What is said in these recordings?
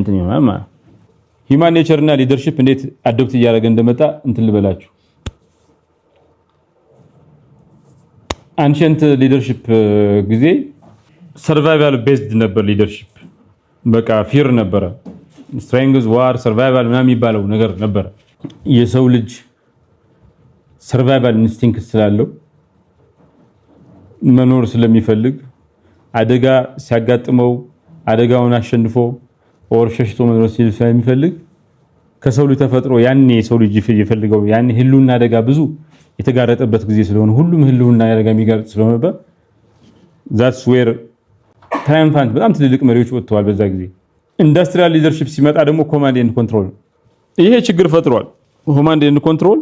እንትን ይሆናል ማለት ሂማን ኔቸር እና ሊደርሺፕ እንዴት አዶፕት እያደረገ እንደመጣ እንትን ልበላችሁ። አንሸንት ሊደርሺፕ uh, ጊዜ ሰርቫይቫል ቤዝድ ነበር። ሊደርሺፕ በቃ ፊር ነበረ፣ ስትራንግዝ ዋር ሰርቫይቫል ምናምን የሚባለው ነገር ነበረ። የሰው ልጅ ሰርቫይቫል ኢንስቲንክት ስላለው መኖር ስለሚፈልግ አደጋ ሲያጋጥመው አደጋውን አሸንፎ ኦር ሸሽቶ ሲል ስለሚፈልግ ከሰው ልጅ ተፈጥሮ ያኔ ሰው ልጅ ይፈልገው ያኔ ህልውና አደጋ ብዙ የተጋረጠበት ጊዜ ስለሆነ ሁሉም ህልውና አደጋ የሚጋረጥ ስለሆነ ዛትስ ዌር ትራይምፋንት በጣም ትልልቅ መሪዎች ወጥተዋል በዛ ጊዜ። ኢንዱስትሪያል ሊደርሺፕ ሲመጣ ደግሞ ኮማንድ ኤንድ ኮንትሮል ይሄ ችግር ፈጥሯል። ኮማንድ ኤንድ ኮንትሮል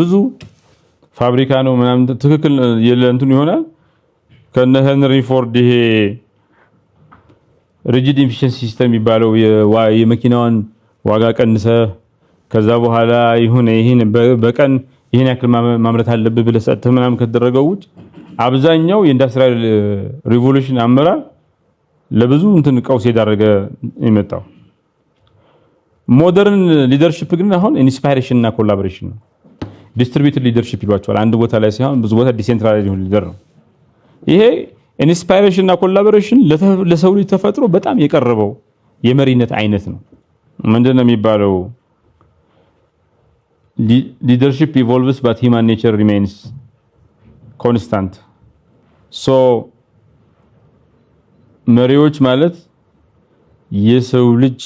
ብዙ ፋብሪካ ነው ምናምን ትክክል የለንቱን ይሆናል ከነ ሄንሪ ፎርድ ይሄ ሪጂድ ኢንፊሸንሲ ሲስተም የሚባለው የመኪናዋን ዋጋ ቀንሰ ከዛ በኋላ ይሁን ይሄን በቀን ይሄን ያክል ማምረት አለብህ ብለህ ሰጥተህ ምናምን ከተደረገው ውጭ አብዛኛው የኢንዱስትሪያል ሪቮሉሽን አመራር ለብዙ እንትን ቀውስ የዳረገ የመጣው ሞደርን ሊደርሺፕ ግን አሁን ኢንስፓይሬሽን እና ኮላቦሬሽን ነው። ዲስትሪቢዩትድ ሊደርሺፕ ይሏቸዋል። አንድ ቦታ ላይ ሳይሆን ብዙ ቦታ ዲሴንትራላይዝ ሊደር ነው ይሄ ኢንስፓይሬሽን እና ኮላቦሬሽን ለሰው ልጅ ተፈጥሮ በጣም የቀረበው የመሪነት አይነት ነው። ምንድን ነው የሚባለው? ሊደርሺፕ ኢቮልቭስ ባት ሂማን ኔቸር ሪሜንስ ኮንስታንት። ሶ መሪዎች ማለት የሰው ልጅ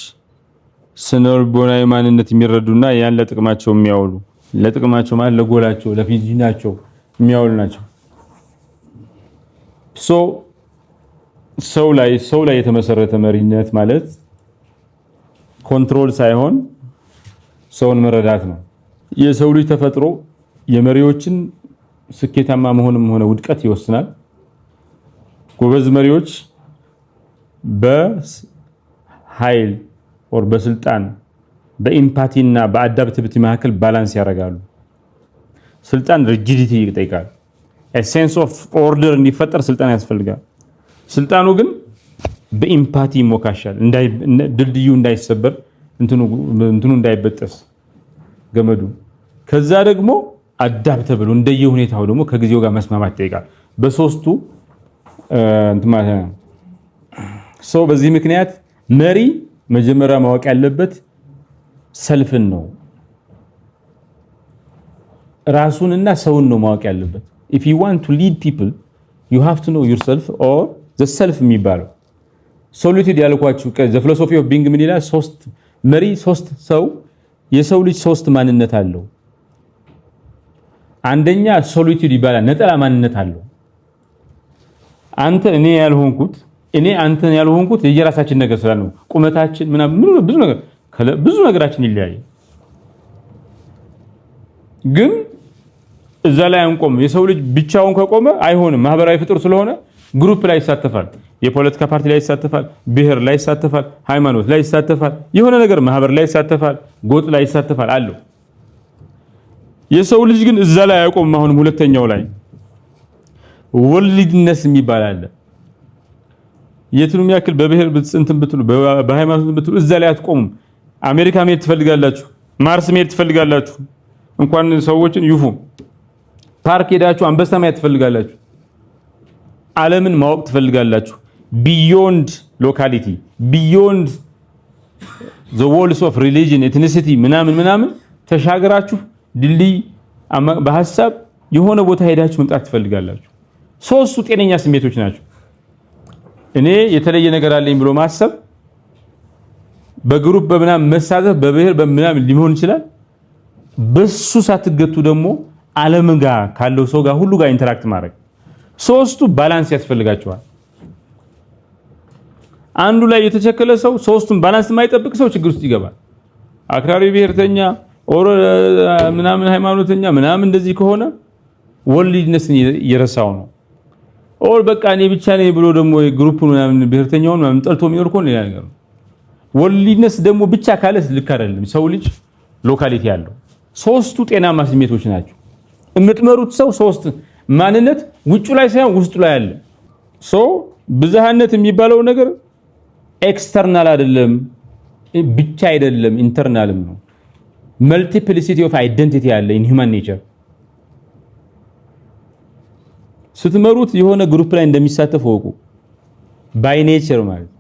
ስነልቦናዊ ማንነት የሚረዱና ያን ለጥቅማቸው የሚያውሉ ለጥቅማቸው ማለት ለጎላቸው ለፊዚናቸው የሚያውሉ ናቸው። ሰው ላይ ሰው ላይ የተመሰረተ መሪነት ማለት ኮንትሮል ሳይሆን ሰውን መረዳት ነው። የሰው ልጅ ተፈጥሮ የመሪዎችን ስኬታማ መሆንም ሆነ ውድቀት ይወስናል። ጎበዝ መሪዎች በኃይል ኦር በስልጣን በኢምፓቲ እና በአዳፕቲቪቲ መካከል ባላንስ ያደርጋሉ። ስልጣን ሪጂዲቲ ይጠይቃል። ሴንስ ኦፍ ኦርደር እንዲፈጠር ስልጠና ያስፈልጋል። ስልጣኑ ግን በኢምፓቲ ይሞካሻል። ድልድዩ እንዳይሰበር እንትኑ እንዳይበጠስ ገመዱ። ከዛ ደግሞ አዳብተ ተብሎ እንደየ ሁኔታው ደግሞ ከጊዜው ጋር መስማማት ይጠይቃል። በሶስቱ ሰው በዚህ ምክንያት መሪ መጀመሪያ ማወቅ ያለበት ሰልፍን ነው። ራሱን እና ሰውን ነው ማወቅ ያለበት። ኢፍ ዩ ዋንት ቱ ሊድ ፒፕል ዩ ሃቭ ቱ ኖ ዩርሰልፍ ኦር ዘ ሰልፍ የሚባለው ሶሊቲድ ያልኳችሁ ዘ ፊሎሶፊ ኦፍ ቢንግ ምን ይላል? ሶስት መሪ ሶስት ሰው የሰው ልጅ ሶስት ማንነት አለው። አንደኛ ሶሊቲድ ይባላል፣ ነጠላ ማንነት አለው። አንተ እኔ ያልሆንኩት እኔ አንተ ያልሆንኩት የየራሳችን ነገር ስላለ ነው። ቁመታችን ምናምን ብዙ ነገር ብዙ ነገራችን ይለያል ግን እዛ ላይ አንቆም። የሰው ልጅ ብቻውን ከቆመ አይሆንም። ማህበራዊ ፍጡር ስለሆነ ግሩፕ ላይ ይሳተፋል፣ የፖለቲካ ፓርቲ ላይ ይሳተፋል፣ ብሔር ላይ ይሳተፋል፣ ሃይማኖት ላይ ይሳተፋል፣ የሆነ ነገር ማህበር ላይ ይሳተፋል፣ ጎጥ ላይ ይሳተፋል አለው። የሰው ልጅ ግን እዛ ላይ አይቆምም አሁንም ሁለተኛው ላይ ወልድነስ የሚባል አለ። የትንም ያክል በብሔር እንትን ብትሉ፣ በሃይማኖት ብትሉ እዛ ላይ አትቆሙም። አሜሪካ መሄድ ትፈልጋላችሁ፣ ማርስ መሄድ ትፈልጋላችሁ፣ እንኳን ሰዎችን ይፉ ፓርክ ሄዳችሁ አንበሳ ማየት ትፈልጋላችሁ። ዓለምን ማወቅ ትፈልጋላችሁ። ቢዮንድ ሎካሊቲ ቢዮንድ ዘ ዎልስ ኦፍ ሪሊጅን ኤትኒሲቲ ምናምን ምናምን ተሻገራችሁ ድልድይ በሀሳብ የሆነ ቦታ ሄዳችሁ መምጣት ትፈልጋላችሁ። ሶስቱ ጤነኛ ስሜቶች ናቸው። እኔ የተለየ ነገር አለኝ ብሎ ማሰብ በግሩፕ በምናምን መሳተፍ በብሔር በምናምን ሊሆን ይችላል። በሱ ሳትገቱ ደግሞ ዓለም ጋር ካለው ሰው ጋር ሁሉ ጋር ኢንተራክት ማድረግ። ሶስቱ ባላንስ ያስፈልጋቸዋል። አንዱ ላይ የተቸከለ ሰው ሶስቱን ባላንስ የማይጠብቅ ሰው ችግር ውስጥ ይገባል። አክራሪ ብሔርተኛ፣ ኦሮ ምናምን ሃይማኖተኛ ምናምን እንደዚህ ከሆነ ወልድነትን እየረሳው ነው። ኦር በቃ እኔ ብቻ ነኝ ብሎ ደግሞ ግሩፑን ምናምን ብሔርተኛውን ምናምን ጠልቶ የሚኖር ከሆነ ሌላ ነገር ነው። ደግሞ ብቻ ካለ ልክ አይደለም። ሰው ልጅ ሎካሊቲ ያለው ሶስቱ ጤናማ ስሜቶች ናቸው። የምትመሩት ሰው ሶስት ማንነት ውጭ ላይ ሳይሆን ውስጡ ላይ አለ። ሶ ብዝሃነት የሚባለው ነገር ኤክስተርናል አይደለም ብቻ አይደለም፣ ኢንተርናልም ነው። መልቲፕሊሲቲ ኦፍ አይደንቲቲ አለ ኢን ሂውማን ኔቸር። ስትመሩት የሆነ ግሩፕ ላይ እንደሚሳተፍ ወቁ። ባይ ኔቸር ማለት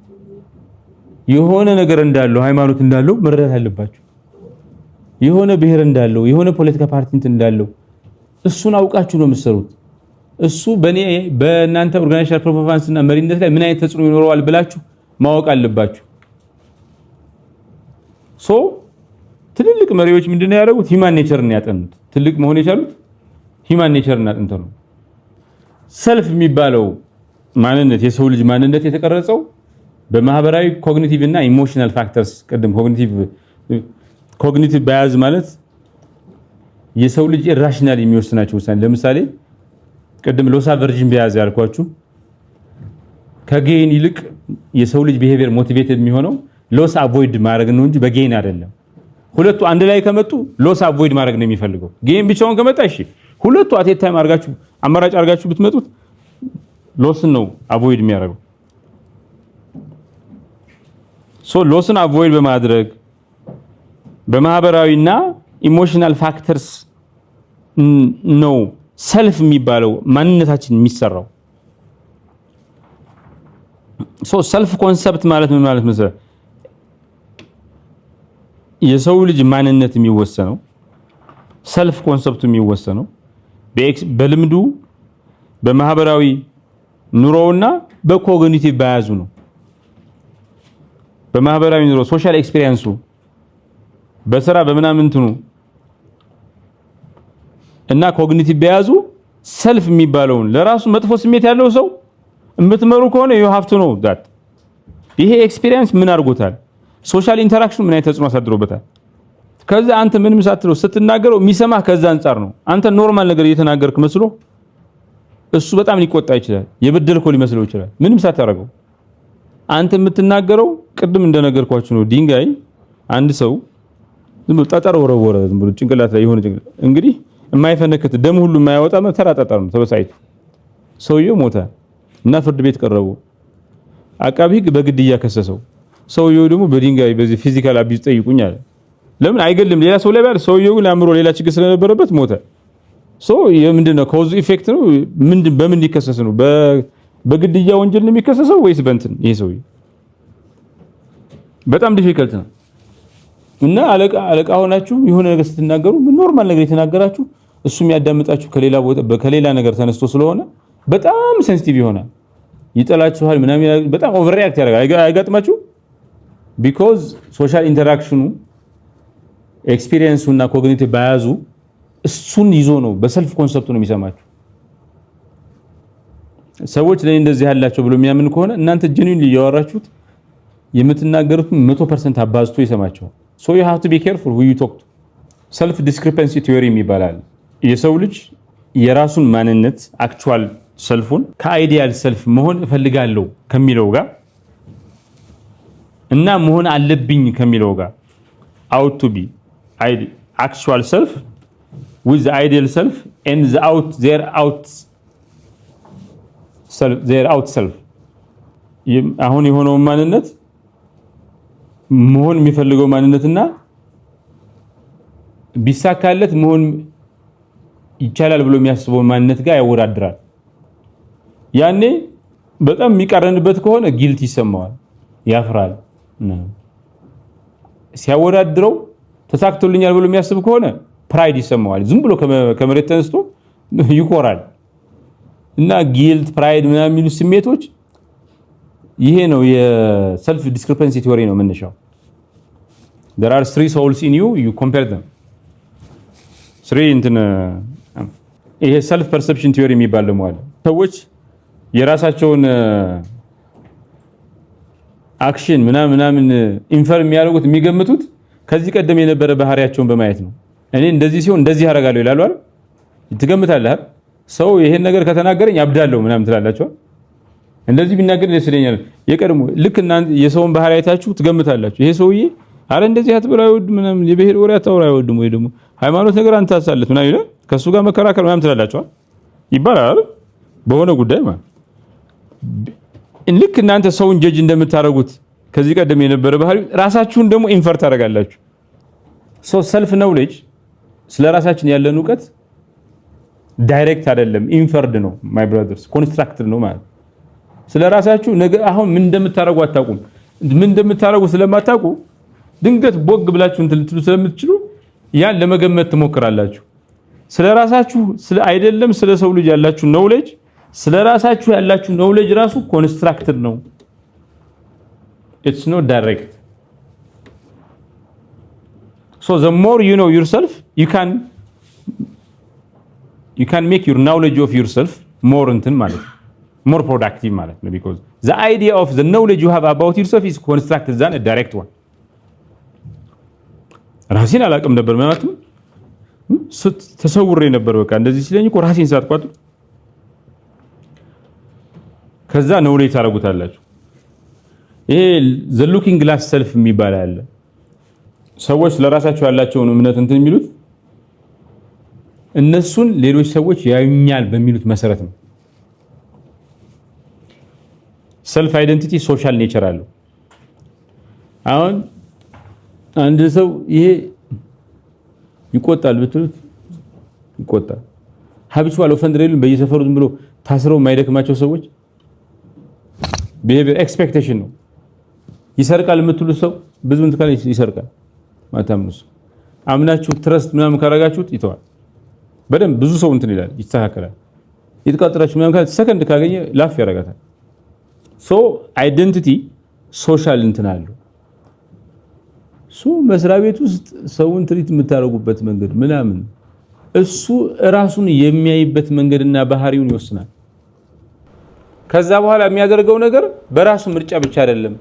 የሆነ ነገር እንዳለው ሃይማኖት እንዳለው መረዳት አለባቸው። የሆነ ብሔር እንዳለው የሆነ ፖለቲካ ፓርቲ እንዳለው እሱን አውቃችሁ ነው የምትሰሩት። እሱ በእኔ በእናንተ ኦርጋናይዜሽን ፐርፎርማንስ እና መሪነት ላይ ምን አይነት ተጽዕኖ ይኖረዋል ብላችሁ ማወቅ አለባችሁ። ሶ ትልልቅ መሪዎች ምንድን ነው ያደረጉት? ሂማን ኔቸርን ያጠኑት። ትልቅ መሆን የቻሉት ሂማን ኔቸርን አጥንተው ነው። ሰልፍ የሚባለው ማንነት የሰው ልጅ ማንነት የተቀረጸው በማህበራዊ ኮግኒቲቭ እና ኢሞሽናል ፋክተርስ ቅድም ኮግኒቲቭ ባያዝ ማለት የሰው ልጅ ኢራሽናል የሚወስናቸው ውሳኔ ለምሳሌ ቅድም ሎሳ ቨርጂን በያዘ ያልኳችሁ ከጌን ይልቅ የሰው ልጅ ቢሄቪየር ሞቲቬት የሚሆነው ሎስ አቮይድ ማድረግ ነው እንጂ በጌን አይደለም። ሁለቱ አንድ ላይ ከመጡ ሎስ አቮይድ ማድረግ ነው የሚፈልገው። ጌን ብቻውን ከመጣ እሺ፣ ሁለቱ አቴት ታይም አርጋችሁ አማራጭ አርጋችሁ ብትመጡት ሎስን ነው አቮይድ የሚያደርገው። ሶ ሎስን አቮይድ በማድረግ በማህበራዊና ኢሞሽናል ፋክተርስ ነው ሰልፍ የሚባለው ማንነታችን የሚሰራው። ሶ ሰልፍ ኮንሰፕት ማለት ምን ማለት መሰለህ? የሰው ልጅ ማንነት የሚወሰነው ሰልፍ ኮንሰፕቱ የሚወሰነው በልምዱ በማህበራዊ ኑሮውና በኮግኒቲቭ ባያዙ ነው። በማህበራዊ ኑሮ ሶሻል ኤክስፒሪየንሱ በስራ በምናምንትኑ እና ኮግኒቲቭ በያዙ ሰልፍ የሚባለውን ለራሱ መጥፎ ስሜት ያለው ሰው የምትመሩ ከሆነ ዩ ሃቭ ቱ ኖ ዳት ይሄ ኤክስፒሪየንስ ምን አድርጎታል፣ ሶሻል ኢንተራክሽን ምን አይነት ተጽዕኖ አሳድሮበታል። ከዛ አንተ ምንም ሳትለው ስትናገረው የሚሰማህ ከዛ አንጻር ነው። አንተ ኖርማል ነገር እየተናገርክ መስሎ እሱ በጣም ሊቆጣ ይችላል። የበደልከው ሊመስለው ይችላል። ምንም ሳታረገው አንተ የምትናገረው ቅድም እንደነገርኳችሁ ነው። ድንጋይ አንድ ሰው ዝም ብሎ ጠጠር ወረወረ፣ ዝም ብሎ ጭንቅላት ላይ የሆነ ጭንቅላት እንግዲህ የማይፈነክት ደም ሁሉ የማያወጣ ነው። ተራጣጣ ነው። ተበሳጭቶ ሰውየው ሞተ እና ፍርድ ቤት ቀረቡ። አቃቢ ሕግ በግድያ ከሰሰው። ሰውየው ደግሞ በድንጋይ በዚህ ፊዚካል አቢዝ ጠይቁኝ አለ። ለምን አይገልም? ሌላ ሰው ላይ ባል። ሰውየው ግን አእምሮ ሌላ ችግር ስለነበረበት ሞተ። ሶ የምንድነው ኮዝ ኢፌክት ነው። ምንድን በምን ሊከሰስ ነው? በግድያ ወንጀል ነው የሚከሰሰው ወይስ በእንትን? ይሄ ሰውዬው በጣም ዲፊከልት ነው። እና አለቃ አለቃ ሆናችሁ የሆነ ነገር ስትናገሩ ኖርማል ነገር የተናገራችሁ እሱ የሚያዳምጣችሁ ከሌላ ነገር ተነስቶ ስለሆነ በጣም ሴንሲቲቭ ይሆናል። ይጠላችኋል፣ ምናምን በጣም ኦቨር ሪያክት ያደርጋል። አይገጥማችሁ ቢኮዝ ሶሻል ኢንተራክሽኑ ኤክስፒሪየንሱ እና ኮግኒቲቭ ባያዙ እሱን ይዞ ነው በሰልፍ ኮንሰፕቱ ነው የሚሰማችሁ። ሰዎች ለእኔ እንደዚህ ያላቸው ብሎ የሚያምን ከሆነ እናንተ ጀኒን እያወራችሁት የምትናገሩትን መቶ ፐርሰንት አባዝቶ ይሰማቸዋል። ሶ ዩ ሃቭ ቱ ቢ ኬርፉል ሁ ዩ ቶክ ቱ። ሰልፍ ዲስክሪፐንሲ ቲዮሪ ይባላል። የሰው ልጅ የራሱን ማንነት አክቹዋል ሰልፉን ከአይዲያል ሰልፍ መሆን እፈልጋለሁ ከሚለው ጋር እና መሆን አለብኝ ከሚለው ጋር አውት ቱ ቢ አክቹዋል ሰልፍ ዊዝ አይዲያል ሰልፍ ኤንድ ዘ አውት ሰልፍ አሁን የሆነውን ማንነት መሆን የሚፈልገው ማንነትና ቢሳካለት መሆን ይቻላል ብሎ የሚያስበውን ማንነት ጋር ያወዳድራል። ያኔ በጣም የሚቃረንበት ከሆነ ጊልት ይሰማዋል፣ ያፍራል። ሲያወዳድረው ተሳክቶልኛል ብሎ የሚያስብ ከሆነ ፕራይድ ይሰማዋል። ዝም ብሎ ከመሬት ተነስቶ ይኮራል። እና ጊልት፣ ፕራይድ ምናምን የሚሉ ስሜቶች ይሄ ነው የሰልፍ ዲስክሪፐንሲ ቲዎሪ ነው መነሻው። there are three souls in you ይሄ ሰልፍ ፐርሰፕሽን ቲዮሪ የሚባል ደግሞ አለ። ሰዎች የራሳቸውን አክሽን ምናምን ምናምን ኢንፈር የሚያደርጉት የሚገምቱት ከዚህ ቀደም የነበረ ባህሪያቸውን በማየት ነው። እኔ እንደዚህ ሲሆን እንደዚህ አደርጋለሁ ይላሉ አይደል? ትገምታለህ። ሰው ይሄን ነገር ከተናገረኝ አብዳለሁ ምናምን ትላላቸዋል። እንደዚህ ቢናገር ደስ ይለኛል። የቀድሞ ልክ የሰውን ባህሪ አይታችሁ ትገምታላችሁ። ይሄ ሰውዬ አረ እንደዚህ አትበሉ አይወድም ምንም የብሔር ወሬ አታውራ አይወድም ወይ ደግሞ ሃይማኖት ነገር አንታሳለት አሳልፍ ምናምን ይላል። ከሱ ጋር መከራከር ምናምን ትላላችኋል ይባላል በሆነ ጉዳይ ማለት ልክ እናንተ ሰውን ጀጅ እንደምታደርጉት ከዚህ ቀደም የነበረ ባህሪ ራሳችሁን ደግሞ ኢንፈር ታደርጋላችሁ። ሰው ሰልፍ ነውሌጅ ስለ ራሳችን ያለን እውቀት ዳይሬክት አይደለም፣ ኢንፈርድ ነው ማይ ብራዘርስ፣ ኮንስትራክትድ ነው ማለት ስለ ራሳችሁ ነገ አሁን ምን እንደምታደርጉ አታውቁም። ምን እንደምታደርጉ ስለማታውቁ ድንገት ቦግ ብላችሁ እንትን ልትሉ ስለምትችሉ ያን ለመገመት ትሞክራላችሁ። ስለ ራሳችሁ ስለ አይደለም ስለ ሰው ልጅ ያላችሁ ኖውሌጅ ስለ ራሳችሁ ያላችሁ ኖውሌጅ ራሱ ኮንስትራክትድ ነው። ኢትስ ኖ ዳይሬክት ሶ ዘ ሞር ዩ ኖው ዩርሰልፍ ዩ ካን ዩ ካን ሜክ ዩር ኖውሌጅ ኦፍ ዩርሰልፍ ሞር እንትን ማለት ሞር ፕሮዳክቲቭ ማለት ነው ቢኮዝ ዘ አይዲያ ኦፍ ዘ ኖውሌጅ ዩ ሃቭ አባውት ዩርሰልፍ ኢዝ ኮንስትራክትድ ዛን ዳይሬክት ዋን ራሴን አላቅም ነበር ማለትም ተሰውሬ ነበር። በቃ እንደዚህ ሲለኝ እኮ ራሴን ሳትቋጥ ከዛ ነው ላይ ታረጉታላችሁ። ይሄ ዘ ሉኪንግ ግላስ ሰልፍ የሚባል አለ። ሰዎች ለራሳቸው ያላቸውን እምነት እንትን የሚሉት እነሱን ሌሎች ሰዎች ያዩኛል በሚሉት መሰረት ነው። ሰልፍ አይደንቲቲ ሶሻል ኔቸር አለው አሁን አንድ ሰው ይሄ ይቆጣል ብትሉት ይቆጣል። ሀቢቹዋል ኦፈንደር የሉም። በየሰፈሩ ዝም ብሎ ታስረው የማይደክማቸው ሰዎች ቢሄቪየር ኤክስፔክቴሽን ነው። ይሰርቃል የምትሉት ሰው ብዙ እንትካል ይሰርቃል። ማታምኑስ አምናችሁ ትረስት ምናምን ካረጋችሁት ይተዋል። በደንብ ብዙ ሰው እንትን ይላል፣ ይስተካከላል። የተቃጠራችሁ ምናምን ካለ ሰከንድ ካገኘ ላፍ ያረጋታል። ሶ አይደንቲቲ ሶሻል እንትን አለው እሱ መስሪያ ቤት ውስጥ ሰውን ትሪት የምታደርጉበት መንገድ ምናምን እሱ እራሱን የሚያይበት መንገድና ባህሪውን ይወስናል። ከዛ በኋላ የሚያደርገው ነገር በራሱ ምርጫ ብቻ አይደለም።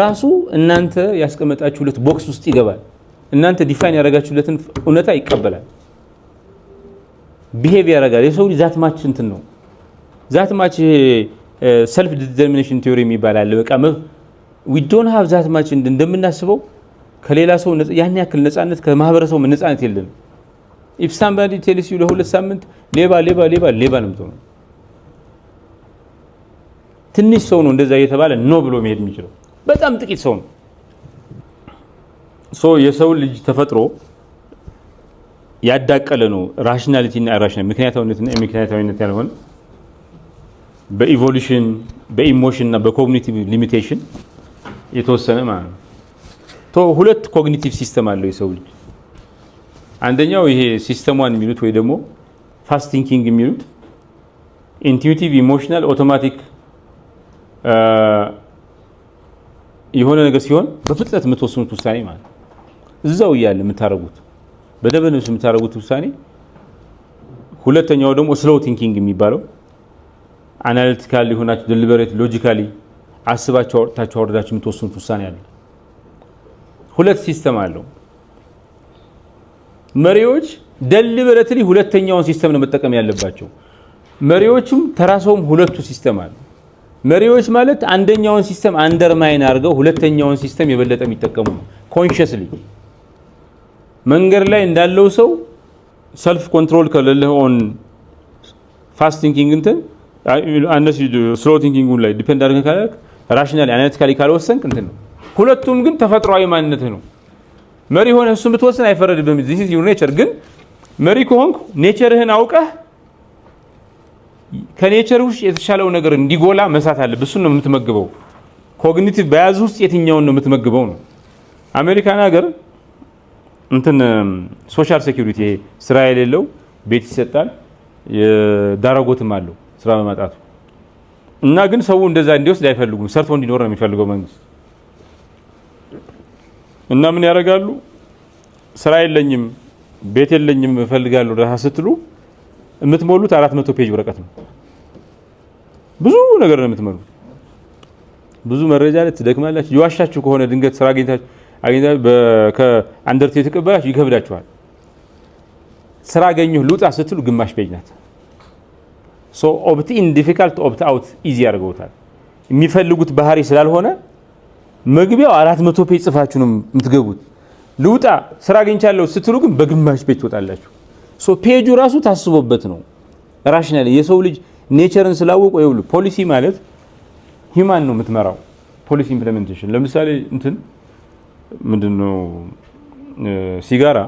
ራሱ እናንተ ያስቀመጣችሁለት ቦክስ ውስጥ ይገባል። እናንተ ዲፋይን ያደረጋችሁለትን እውነታ ይቀበላል። ቢሄቭ ያደርጋል። የሰው ልጅ ዛት ማች እንትን ነው። ዛት ማች ሰልፍ ዲተርሚኔሽን ቴዎሪ የሚባል አለ። በቃ ዊ ዶንት ሃቭ ዛት ማች እንደምናስበው ከሌላ ሰው ያን ያክል ነፃነት ከማህበረሰቡ ነፃነት የለንም። ኢፍሳን ባዲ ቴሌሲ ለሁለት ሳምንት ሌባ ሌባ ሌባ ሌባ ነው የምትሆነው። ትንሽ ሰው ነው እንደዛ እየተባለ ኖ ብሎ መሄድ የሚችለው በጣም ጥቂት ሰው ነው። ሶ የሰው ልጅ ተፈጥሮ ያዳቀለ ነው። ራሽናሊቲ እና ራሽናል ምክንያታዊነት እና ምክንያታዊነት ያልሆነ በኢቮሉሽን በኢሞሽን እና በኮግኒቲቭ ሊሚቴሽን የተወሰነ ማለት ነው። ሁለት ኮግኒቲቭ ሲስተም አለው የሰው ልጅ። አንደኛው ይሄ ሲስተሟን የሚሉት ወይ ደግሞ ፋስት ቲንኪንግ የሚሉት ኢንቲዩቲቭ ኢሞሽናል ኦቶማቲክ የሆነ ነገር ሲሆን በፍጥነት የምትወስኑት ውሳኔ ማለት ነው። እዛው እያለ የምታደርጉት በደበ ነፍስ የምታደርጉት ውሳኔ። ሁለተኛው ደግሞ ስሎው ቲንኪንግ የሚባለው አናሊቲካል ሊሆናችሁ ዴሊበሬት ሎጂካሊ አስባችሁ አውጥታችሁ አውርዳችሁ የምትወስኑት ውሳኔ አለ። ሁለት ሲስተም አለው። መሪዎች ደሊበረትሊ ሁለተኛውን ሲስተም ነው መጠቀም ያለባቸው። መሪዎቹም ተራሰውም ሁለቱ ሲስተም አለ። መሪዎች ማለት አንደኛውን ሲስተም አንደርማይን አድርገው ሁለተኛውን ሲስተም የበለጠ የሚጠቀሙ ነው። ኮንሽስሊ መንገድ ላይ እንዳለው ሰው ሰልፍ ኮንትሮል ከሌለህ ኦን ፋስት ቲንኪንግ እንትን አነስ ስሎ ቲንኪንግ ላይ ዲፔንድ አድርገህ ካላልክ ራሽናል አናሊቲካሊ ካልወሰንክ እንትን ነው ሁለቱም ግን ተፈጥሯዊ ማንነትህ ነው። መሪ ሆነ እሱን ብትወስን አይፈረድብህም። ዚስ ኢዝ ዩር ኔቸር። ግን መሪ ከሆንክ ኔቸርህን አውቀህ ከኔቸር ውስጥ የተሻለው ነገር እንዲጎላ መሳት አለ። እሱን ነው የምትመግበው። ኮግኒቲቭ በያዝ ውስጥ የትኛውን ነው የምትመግበው ነው። አሜሪካን ሀገር እንትን ሶሻል ሴኩሪቲ ስራ የሌለው ቤት ይሰጣል፣ ዳረጎትም አለው ስራ በማጣቱ እና ግን ሰው እንደዛ እንዲወስድ አይፈልጉም። ሰርቶ እንዲኖር ነው የሚፈልገው መንግስት እና ምን ያደርጋሉ? ስራ የለኝም፣ ቤት የለኝም፣ እፈልጋለሁ እርዳታ ስትሉ የምትሞሉት አራት መቶ ፔጅ ወረቀት ነው። ብዙ ነገር ነው የምትመሉት። ብዙ መረጃ ላይ ትደክማላችሁ። የዋሻችሁ ከሆነ ድንገት ስራ አግኝታችሁ አግኝታችሁ ከአንደርቴ የተቀበላችሁ ይከብዳችኋል። ስራ አገኘሁ ልውጣ ስትሉ ግማሽ ፔጅ ናት። ሶ ኦፕት ኢን ዲፊካልት ኦፕት አውት ኢዚ ያደርገውታል የሚፈልጉት ባህሪ ስላልሆነ መግቢያው አራት መቶ ፔጅ ጽፋችሁ ነው የምትገቡት። ልውጣ ስራ አግኝቻለሁ ስትሉ ግን በግማሽ ፔጅ ትወጣላችሁ። ሶ ፔጁ ራሱ ታስቦበት ነው። ራሽናል የሰው ልጅ ኔቸርን ስላወቁ ይውሉ ፖሊሲ ማለት ሂማን ነው የምትመራው ፖሊሲ ኢምፕሌሜንቴሽን። ለምሳሌ እንትን ምንድነው ሲጋራ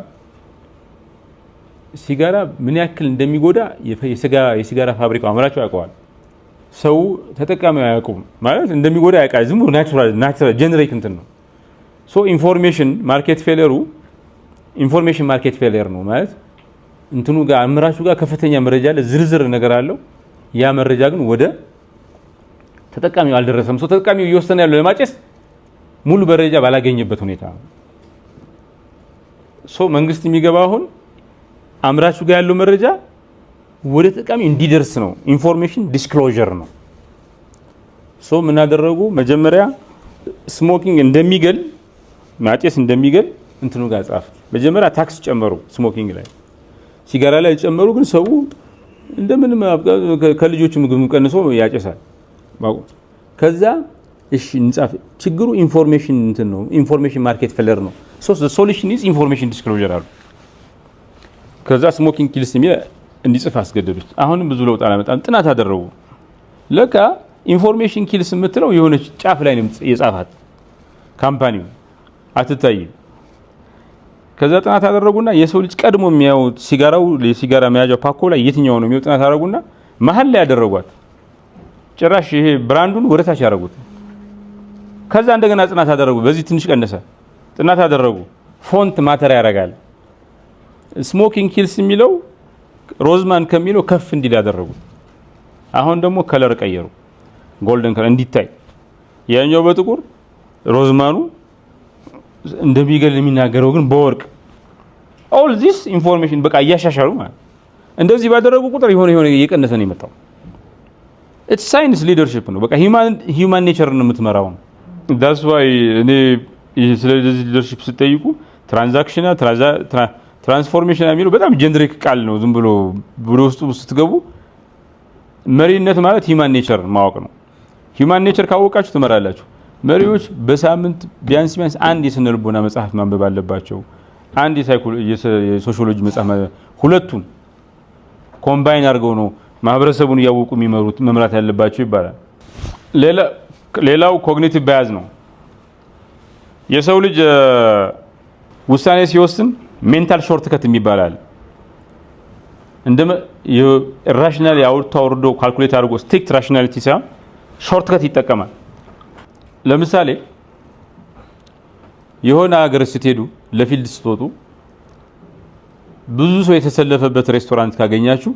ሲጋራ ምን ያክል እንደሚጎዳ የሲጋራ ፋብሪካው አምራቸው ያውቀዋል። ሰው ተጠቃሚው አያውቁም ማለት እንደሚጎዳ ያውቃል። ዝም ብሎ ናቹራል እንትን ነው። ሶ ኢንፎርሜሽን ማርኬት ፌለሩ ኢንፎርሜሽን ማርኬት ፌለር ነው ማለት እንትኑ ጋር አምራቹ ጋር ከፍተኛ መረጃ አለ፣ ዝርዝር ነገር አለው። ያ መረጃ ግን ወደ ተጠቃሚው አልደረሰም። ሰው ተጠቃሚው እየወሰነ ያለው ለማጨስ ሙሉ መረጃ ባላገኘበት ሁኔታ ነው። ሶ መንግስት የሚገባ አሁን አምራቹ ጋር ያለው መረጃ ወደ ተጠቃሚ እንዲደርስ ነው። ኢንፎርሜሽን ዲስክሎዥር ነው። ሶ ምን አደረጉ? መጀመሪያ ስሞኪንግ እንደሚገል ማጨስ እንደሚገል እንትኑ ጋር ጻፍ። መጀመሪያ ታክስ ጨመሩ ስሞኪንግ ላይ፣ ሲጋራ ላይ ጨመሩ። ግን ሰው እንደምንም ከልጆቹ ምግብ ቀንሶ ያጨሳል። ከዛ እሺ እንጻፍ። ችግሩ ኢንፎርሜሽን እንትን ነው፣ ኢንፎርሜሽን ማርኬት ፌለር ነው። ሶ ሶሉሽን ኢዝ ኢንፎርሜሽን ዲስክሎዥር አሉ። ከዛ ስሞኪንግ ኪልስ የሚል እንዲጽፍ አስገደዱት። አሁንም ብዙ ለውጥ አላመጣም። ጥናት አደረጉ። ለካ ኢንፎርሜሽን ኪልስ የምትለው የሆነች ጫፍ ላይ ነው የጻፋት ካምፓኒው አትታይም። ከዛ ጥናት አደረጉና የሰው ልጅ ቀድሞ የሚያው ሲጋራው የሲጋራ መያዣው ፓኮ ላይ የትኛው ነው የሚው ጥናት አደረጉና መሀል ላይ ያደረጓት ጭራሽ ይሄ ብራንዱን ወደታች ያደረጉት። ከዛ እንደገና ጥናት አደረጉ። በዚህ ትንሽ ቀነሰ። ጥናት አደረጉ። ፎንት ማተር ያደርጋል። ስሞኪንግ ኪልስ የሚለው ሮዝማን ከሚለው ከፍ እንዲል ያደረጉት። አሁን ደግሞ ከለር ቀየሩ፣ ጎልደን ከለር እንዲታይ። ያኛው በጥቁር ሮዝማኑ እንደሚገል የሚናገረው ግን በወርቅ ኦል ዚስ ኢንፎርሜሽን በቃ እያሻሻሉ ማለት እንደዚህ ባደረጉ ቁጥር የሆነ የሆነ እየቀነሰ ነው የመጣው። ኢትስ ሳይንስ ሊደርሺፕ ነው በቃ ሂውማን ኔቸር ነው የምትመራው። ዳትስ ዋይ እኔ ስለዚህ ሊደርሺፕ ስጠይቁ ትራንዛክሽናል ትራንስፎርሜሽን የሚለው በጣም ጀንድሪክ ቃል ነው። ዝም ብሎ ወደ ውስጡ ስትገቡ መሪነት ማለት ሂማን ኔቸር ማወቅ ነው። ሂማን ኔቸር ካወቃችሁ ትመራላችሁ። መሪዎች በሳምንት ቢያንስ ቢያንስ አንድ የስነ ልቦና መጽሐፍ ማንበብ አለባቸው። አንድ የሶሺዮሎጂ መጽሐፍ፣ ሁለቱን ኮምባይን አድርገው ነው ማህበረሰቡን እያወቁ የሚመሩት መምራት ያለባቸው ይባላል። ሌላው ኮግኒቲቭ ባያዝ ነው። የሰው ልጅ ውሳኔ ሲወስን ሜንታል ከት የሚባላል እንደም ራሽናል ያውርቶ አውርዶ ካልኩሌት አድርጎ ስትሪክት ራሽናሊቲ ሾርት ከት ይጠቀማል። ለምሳሌ የሆነ ሀገር ስትሄዱ ለፊልድ ስትወጡ ብዙ ሰው የተሰለፈበት ሬስቶራንት ካገኛችሁ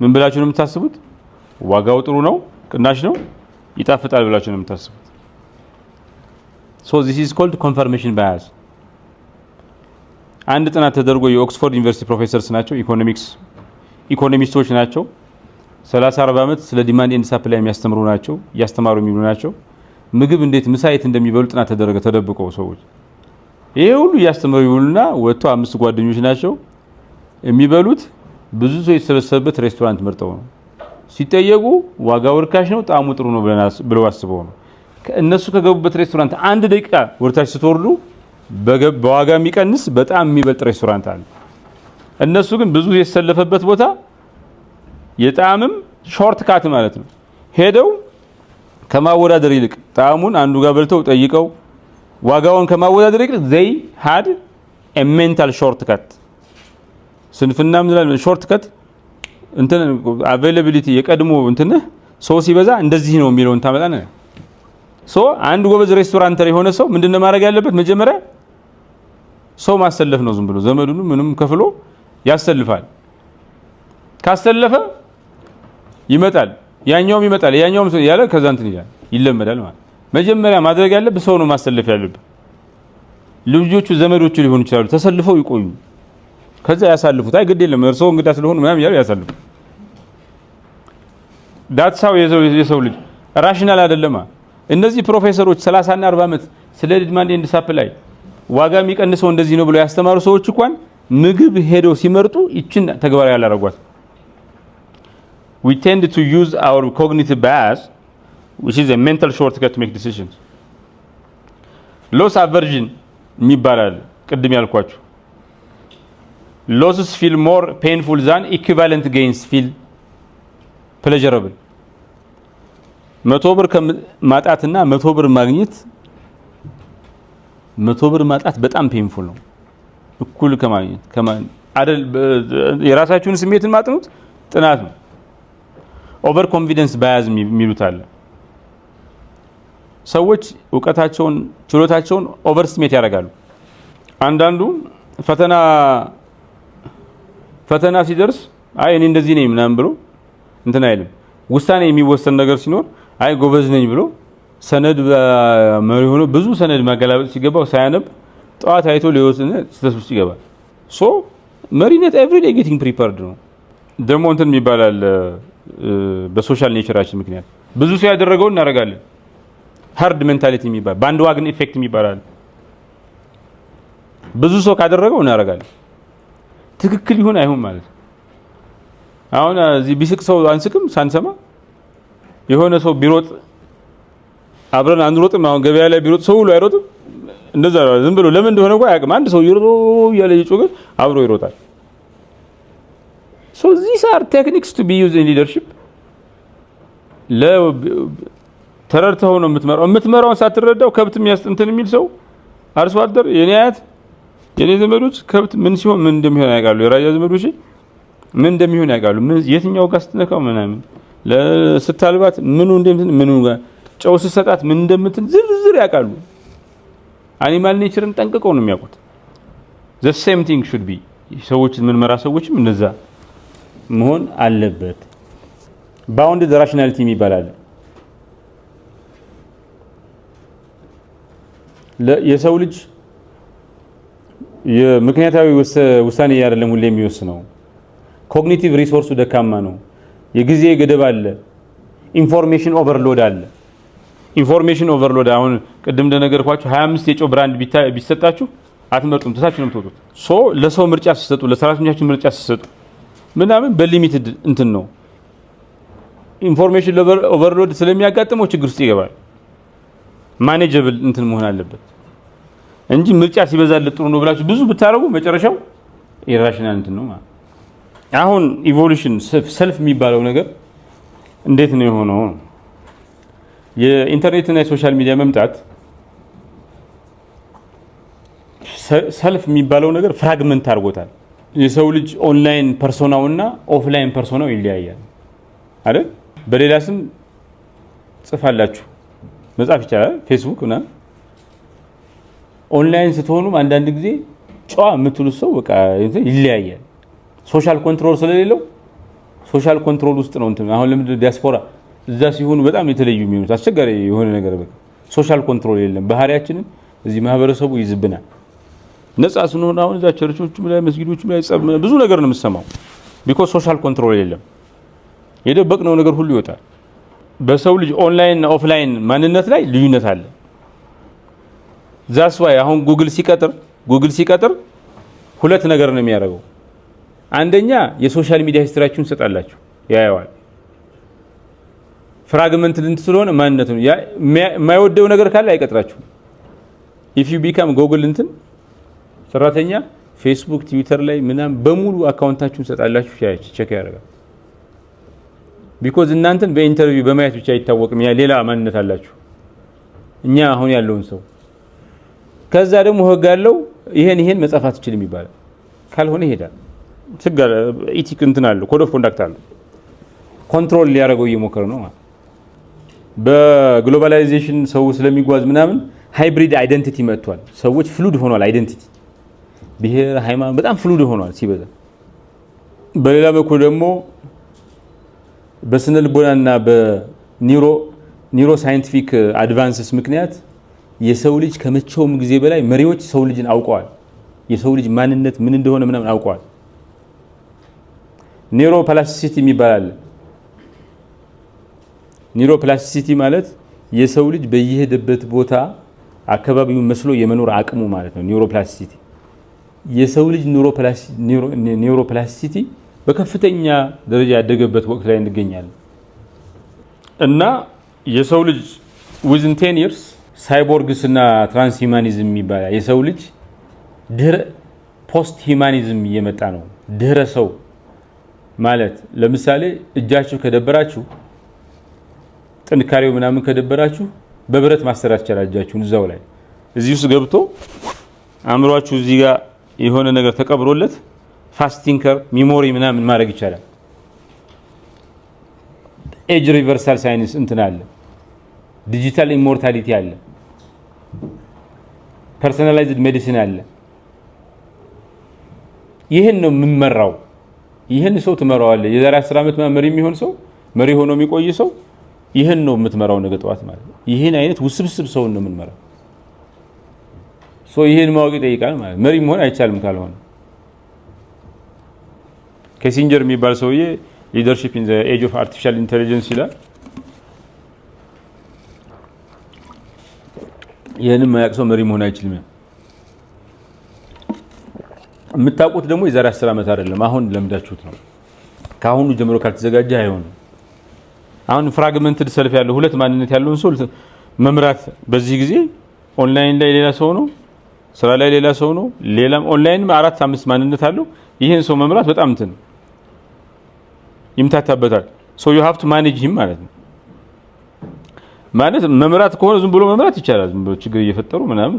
ምን ብላችሁ ነው የምታስቡት? ዋጋው ጥሩ ነው፣ ቅናሽ ነው፣ ይጣፍጣል ብላችሁ ነው የምታስቡት። ሶ ዚስ ኢዝ ኮልድ ኮንፈርሜሽን ባያስ አንድ ጥናት ተደርጎ የኦክስፎርድ ዩኒቨርሲቲ ፕሮፌሰርስ ናቸው፣ ኢኮኖሚክስ ኢኮኖሚስቶች ናቸው። 30 40 ዓመት ስለ ዲማንድ ኤንድ ሳፕላይ የሚያስተምሩ ናቸው፣ እያስተማሩ የሚሉ ናቸው። ምግብ እንዴት ምሳየት እንደሚበሉ ጥናት ተደረገ፣ ተደብቆ ሰዎች ይሄ ሁሉ እያስተምሩ ይውሉና ወጥቶ አምስት ጓደኞች ናቸው የሚበሉት። ብዙ ሰው የተሰበሰበበት ሬስቶራንት መርጠው ነው። ሲጠየቁ ዋጋው ርካሽ ነው፣ ጣዕሙ ጥሩ ነው ብለው አስበው ነው። እነሱ ከገቡበት ሬስቶራንት አንድ ደቂቃ ወርታች ስትወርዱ በዋጋ የሚቀንስ በጣም የሚበልጥ ሬስቶራንት አለ። እነሱ ግን ብዙ የተሰለፈበት ቦታ የጣዕምም ሾርት ካት ማለት ነው። ሄደው ከማወዳደር ይልቅ ጣዕሙን አንዱ ጋር በልተው ጠይቀው ዋጋውን ከማወዳደር ይልቅ ዘይ ሀድ ሜንታል ሾርት ካት ስንፍና ምንላ ሾርት ከት እንትን አቬይላቢሊቲ የቀድሞ እንትንህ ሰው ሲበዛ እንደዚህ ነው የሚለውን ታመጣ ነው። ሶ አንድ ጎበዝ ሬስቶራንተር የሆነ ሰው ምንድነው ማድረግ ያለበት? መጀመሪያ ሰው ማሰለፍ ነው። ዝም ብሎ ዘመዱን ምንም ከፍሎ ያሰልፋል። ካሰለፈ ይመጣል፣ ያኛውም ይመጣል፣ ያኛውም ሰው ያለ ከዛ እንትን ይላል፣ ይለመዳል ማለት። መጀመሪያ ማድረግ ያለብህ ሰው ነው ማሰለፍ ያለብህ። ልጆቹ ዘመዶቹ ሊሆኑ ይችላሉ፣ ተሰልፈው ይቆዩ፣ ከዛ ያሳልፉት። አይ ግድ የለም እርስዎ እንግዳ ስለሆኑ ምናምን እያሉ ያሳልፉ። ዳትሳው የሰው ልጅ ራሽናል አይደለም። እነዚህ ፕሮፌሰሮች 30 እና 40 ዓመት ስለ ዲማንድ ኤንድ ሳፕላይ ዋጋ የሚቀንሰው እንደዚህ ነው ብለው ያስተማሩ ሰዎች እንኳን ምግብ ሄደው ሲመርጡ ይችን ተግባራዊ ያላረጓት። we tend to use our cognitive bias which is a mental shortcut to make decisions ሎስ አቨርዥን የሚባላል ቅድም ያልኳችሁ ሎስስ ፊል ሞር ፔንፉል ዛን ኢኩቫለንት ጌይንስ ፊል ፕሌጀረብል መቶ ብር ማጣትና መቶ ብር ማግኘት መቶ ብር ማጣት በጣም ፔንፉል ነው። እኩል ከማግኘት ከማን የራሳችሁን ስሜትን ማጥኑት ጥናት ነው። ኦቨር ኮንፊደንስ ባያዝ የሚሉት አለ። ሰዎች እውቀታቸውን፣ ችሎታቸውን ኦቨር ስሜት ያደርጋሉ። አንዳንዱ ፈተና ፈተና ሲደርስ አይ እኔ እንደዚህ ነኝ ምናምን ብሎ እንትን አይልም። ውሳኔ የሚወሰን ነገር ሲኖር አይ ጎበዝ ነኝ ብሎ ሰነድ መሪ ሆኖ ብዙ ሰነድ ማገላበጥ ሲገባው ሳያነብ ጠዋት አይቶ ሊወስነ ስህተት ውስጥ ይገባል። ሶ መሪነት ኤቭሪዴይ ጌቲንግ ፕሪፐርድ ነው። ደግሞ እንትን በሶሻል ኔቸራችን ምክንያት ብዙ ሰው ያደረገው እናደርጋለን። ሀርድ ሜንታሊቲ የሚባል በአንድ ዋግን ኢፌክት የሚባላል ብዙ ሰው ካደረገው እናደርጋለን። ትክክል ይሁን አይሁን ማለት አሁን እዚህ ቢስቅ ሰው አንስቅም ሳንሰማ የሆነ ሰው ቢሮጥ አብረን አንሮጥም። አሁን ገበያ ላይ ቢሮጥ ሰው ሁሉ አይሮጥም። እንደዛ ዝም ብሎ ለምን እንደሆነ እኮ አያውቅም። አንድ ሰው ይሮጦ እያለ ይጮህ አብሮ ይሮጣል። ሶ ዚስ አር ቴክኒክስ ቱ ቢ ዩዝ ኢን ሊደርሺፕ። ተረድተው ነው የምትመራው። የምትመራውን ሳትረዳው ከብት የሚያስጥንትን የሚል ሰው አርሶ አደር የኔ አያት የኔ ዘመዶች ከብት ምን ሲሆን ምን እንደሚሆን ያውቃሉ። የራያ ዘመዶች ምን እንደሚሆን ያውቃሉ። የትኛው ጋር ስትነካው ምናምን ስታልባት ምኑ እንደምትን ምኑ ጋር ጨው ስሰጣት ምን እንደምትን ዝርዝር ያውቃሉ። አኒማል ኔቸርን ጠንቅቀው ነው የሚያውቁት። ዘ ሴም ቲንግ ሹድ ቢ ሰዎች ምንመራ ሰዎችም እንደዛ መሆን አለበት። ባውንድ ዘ ራሽናሊቲ ይባላል። የሰው ልጅ ምክንያታዊ ውሳኔ አይደለም ሁሌ የሚወስነው። ኮግኒቲቭ ሪሶርሱ ደካማ ነው። የጊዜ ገደብ አለ። ኢንፎርሜሽን ኦቨርሎድ አለ። ኢንፎርሜሽን ኦቨርሎድ አሁን ቅድም እንደነገርኳችሁ 25 የጨው ብራንድ ቢሰጣችሁ አትመርጡም፣ ትታችሁ ነው የምትወጡት። ሶ ለሰው ምርጫ ሲሰጡ፣ ለሰራተኞቻችሁ ምርጫ ሲሰጡ ምናምን በሊሚትድ እንትን ነው ኢንፎርሜሽን ኦቨርሎድ ስለሚያጋጥመው ችግር ውስጥ ይገባል። ማኔጀብል እንትን መሆን አለበት እንጂ ምርጫ ሲበዛለት ጥሩ ነው ብላችሁ ብዙ ብታደርጉ መጨረሻው ኢራሽናል እንትን ነው ማለት አሁን ኢቮሉሽን ሰልፍ የሚባለው ነገር እንዴት ነው የሆነው? የኢንተርኔትና የሶሻል ሚዲያ መምጣት ሰልፍ የሚባለው ነገር ፍራግመንት አድርጎታል። የሰው ልጅ ኦንላይን ፐርሶናው እና ኦፍላይን ፐርሶናው ይለያያል አይደል? በሌላ ስም ጽፋላችሁ መጻፍ ይቻላል። ፌስቡክ እና ኦንላይን ስትሆኑም አንዳንድ ጊዜ ጨዋ የምትሉት ሰው በቃ ይለያያል። ሶሻል ኮንትሮል ስለሌለው ሶሻል ኮንትሮል ውስጥ ነው እንትን አሁን ለምንድን ዲያስፖራ እዛ ሲሆኑ በጣም የተለዩ የሚሆኑት? አስቸጋሪ የሆነ ነገር በቃ ሶሻል ኮንትሮል የለም። ባህሪያችንን እዚህ ማህበረሰቡ ይዝብናል። ነጻ ስንሆን አሁን እዛ ቸርቾቹም ላይ መስጊዶቹም ላይ ጸብ፣ ብዙ ነገር ነው የምሰማው። ቢኮዝ ሶሻል ኮንትሮል የለም። የደበቅነው ነገር ሁሉ ይወጣል። በሰው ልጅ ኦንላይን ኦፍላይን ማንነት ላይ ልዩነት አለ። ዛስዋይ አሁን ጉግል ሲቀጥር ጉግል ሲቀጥር ሁለት ነገር ነው የሚያደርገው አንደኛ የሶሻል ሚዲያ ሂስትሪያችሁን ትሰጣላችሁ፣ ያየዋል። ፍራግመንት ልንት ስለሆነ ማንነቱ የማይወደው ነገር ካለ አይቀጥራችሁም። ኢፍ ዩ ቢካም ጎግል እንትን ሰራተኛ ፌስቡክ፣ ትዊተር ላይ ምናም በሙሉ አካውንታችሁን ትሰጣላችሁ፣ ቸክ ያደርጋል። ቢኮዝ እናንተን በኢንተርቪው በማየት ብቻ አይታወቅም፣ ያ ሌላ ማንነት አላችሁ። እኛ አሁን ያለውን ሰው ከዛ ደግሞ ህግ አለው ይሄን ይሄን መጻፍ አትችልም ይባላል። ካልሆነ ይሄዳል። ችግር ኢቲክ እንትን አለ ኮድ ኦፍ ኮንዳክት አለ። ኮንትሮል ሊያደርገው እየሞከረ ነው ማለት በግሎባላይዜሽን ሰው ስለሚጓዝ ምናምን ሃይብሪድ አይደንቲቲ መጥቷል። ሰዎች ፍሉድ ሆኗል። አይደንቲቲ ብሔር፣ ሃይማኖት በጣም ፍሉድ ሆኗል ሲበዛ። በሌላ በኩል ደግሞ በስነ ልቦናና በኒሮ ኒውሮ ሳይንቲፊክ አድቫንስስ ምክንያት የሰው ልጅ ከመቼውም ጊዜ በላይ መሪዎች ሰው ልጅን አውቀዋል። የሰው ልጅ ማንነት ምን እንደሆነ ምናምን አውቀዋል። ኒውሮፕላስቲሲቲ የሚባላል። ኒውሮፕላስቲሲቲ ማለት የሰው ልጅ በየሄደበት ቦታ አካባቢውን መስሎ የመኖር አቅሙ ማለት ነው። ኒውሮፕላስቲሲቲ የሰው ልጅ ኒውሮፕላስቲሲቲ በከፍተኛ ደረጃ ያደገበት ወቅት ላይ እንገኛለን እና የሰው ልጅ ዊዝን ቴን ይርስ ሳይቦርግስ እና ትራንስ ሂማኒዝም የሚባል የሰው ልጅ ድረ ፖስት ሂማኒዝም እየመጣ ነው። ድረ ሰው ማለት ለምሳሌ እጃችሁ ከደበራችሁ ጥንካሬው ምናምን ከደበራችሁ በብረት ማሰራት ይቻላል። እጃችሁን እዛው ላይ እዚህ ውስጥ ገብቶ አእምሯችሁ እዚህ ጋር የሆነ ነገር ተቀብሮለት ፋስቲንከር ሚሞሪ ምናምን ማድረግ ይቻላል። ኤጅ ሪቨርሳል ሳይንስ እንትን አለ፣ ዲጂታል ኢሞርታሊቲ አለ፣ ፐርሰናላይዝድ ሜዲሲን አለ። ይህን ነው የምመራው ይህን ሰው ትመራዋለህ። የዛሬ 10 ዓመት መሪ የሚሆን ሰው መሪ ሆኖ የሚቆይ ሰው ይህን ነው የምትመራው ነገ ጠዋት ማለት ነው። ይህን አይነት ውስብስብ ሰውን ነው የምንመራው። ይህን ማወቅ ይጠይቃል ማለት መሪ መሆን አይቻልም ካልሆነ። ከሲንጀር የሚባል ሰውዬ ሊደርሺፕ ኢን ዘ ኤጅ ኦፍ አርቲፊሻል ኢንቴሊጀንስ ይላል። ይህንም ማያቅ ሰው መሪ መሆን አይችልም። የምታውቁት ደግሞ የዛሬ አስር ዓመት አይደለም፣ አሁን ለምዳችሁት ነው። ከአሁኑ ጀምሮ ካልተዘጋጀ አይሆንም። አሁን ፍራግመንትድ ሰልፍ ያለው ሁለት ማንነት ያለውን ሰው መምራት በዚህ ጊዜ ኦንላይን ላይ ሌላ ሰው ነው፣ ስራ ላይ ሌላ ሰው ነው፣ ሌላም ኦንላይን አራት አምስት ማንነት አለው። ይህን ሰው መምራት በጣም እንትን ይምታታበታል። ሶ ዩ ሃቭ ቱ ማኔጅ ሂም ማለት ነው። ማለት መምራት ከሆነ ዝም ብሎ መምራት ይቻላል። ዝም ብሎ ችግር እየፈጠሩ ምናምን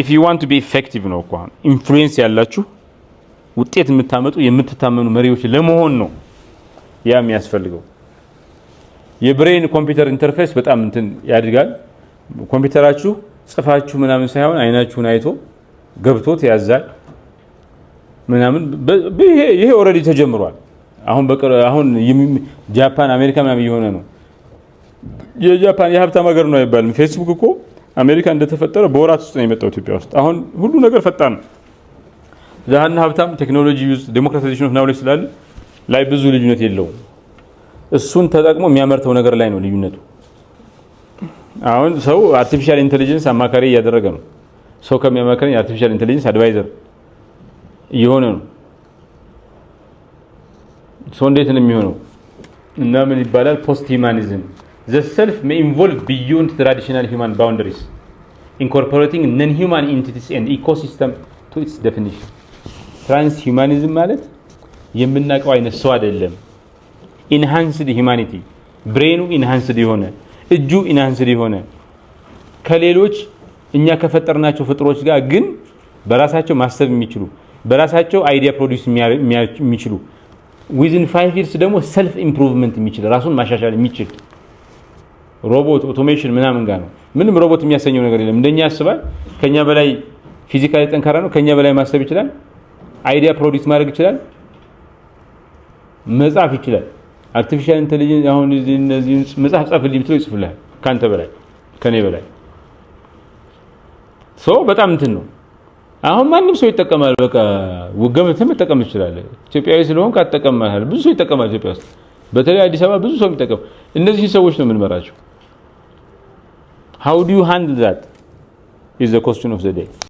ኢፍ ዩ ዋንት ቱ ቢ ኢፌክቲቭ ነው እኮ ኢንፍሉዌንስ ያላችሁ ውጤት የምታመጡ የምትታመኑ መሪዎች ለመሆን ነው ያ የሚያስፈልገው። የብሬን ኮምፒውተር ኢንተርፌስ በጣም እንትን ያድጋል። ኮምፒውተራችሁ ጽፋችሁ ምናምን ሳይሆን አይናችሁን አይቶ ገብቶት ያዛል ምናምን። ይሄ ኦልሬዲ ተጀምሯል። አሁን አሁን ጃፓን፣ አሜሪካ ምናምን እየሆነ ነው። የጃፓን የሀብታም ሀገር ነው አይባልም። ፌስቡክ እኮ አሜሪካ እንደተፈጠረ በወራት ውስጥ ነው የመጣው ኢትዮጵያ ውስጥ። አሁን ሁሉ ነገር ፈጣን ነው። ደሃና ሀብታም ቴክኖሎጂ ዩዝ ዴሞክራታይዜሽን ኦፍ ናውሌጅ ስላለ ላይ ብዙ ልዩነት የለውም። እሱን ተጠቅሞ የሚያመርተው ነገር ላይ ነው ልዩነቱ። አሁን ሰው አርቲፊሻል ኢንቴሊጀንስ አማካሪ እያደረገ ነው። ሰው ከሚያማክረኝ አርቲፊሻል ኢንቴሊጀንስ አድቫይዘር እየሆነ ነው። ሰው እንዴት ነው የሚሆነው? እና ምን ይባላል ፖስት ሂማኒዝም ዘ ሰልፍ ሜ ኢንቮልቭ ቢዮንድ ትራዲሽናል ሂውማን ባውንደሪስ ኢንኮርፖሬቲንግ ነን ሂውማን ኢንቲቲስ ኤንድ ኢኮሲስተም ቱ ኢትስ ዴፊኒሽን። ትራንስ ሂውማኒዝም ማለት የምናውቀው አይነት ሰው አይደለም። ኢንሃንስድ ሂማኒቲ ብሬኑ ኢንሃንስድ የሆነ እጁ ኢንሃንስድ የሆነ ከሌሎች እኛ ከፈጠርናቸው ፍጥሮች ጋር ግን በራሳቸው ማሰብ የሚችሉ በራሳቸው አይዲያ ፕሮዲውስ የሚችሉ ዊዝን ፋይቭ ይርስ ደግሞ ሰልፍ ኢምፕሩቭመንት የሚችል ራሱን ማሻሻል የሚችል ሮቦት ኦቶሜሽን ምናምን ጋር ነው። ምንም ሮቦት የሚያሰኘው ነገር የለም። እንደኛ ያስባል። ከኛ በላይ ፊዚካሊ ጠንካራ ነው። ከኛ በላይ ማሰብ ይችላል። አይዲያ ፕሮዲስ ማድረግ ይችላል። መጻፍ ይችላል። አርቲፊሻል ኢንቴሊጀንስ አሁን እነዚህ መጽሐፍ ጻፍልኝ ብትለው ይጽፍልሃል። ከአንተ በላይ ከኔ በላይ ሰው በጣም እንትን ነው። አሁን ማንም ሰው ይጠቀማል። በቃ ወገምትን መጠቀም ይችላል። ኢትዮጵያዊ ስለሆን ካጠቀማል ብዙ ሰው ይጠቀማል ኢትዮጵያ ውስጥ፣ በተለይ አዲስ አበባ ብዙ ሰው የሚጠቀም እነዚህ ሰዎች ነው የምንመራቸው። How do you handle that? Is the question of the day.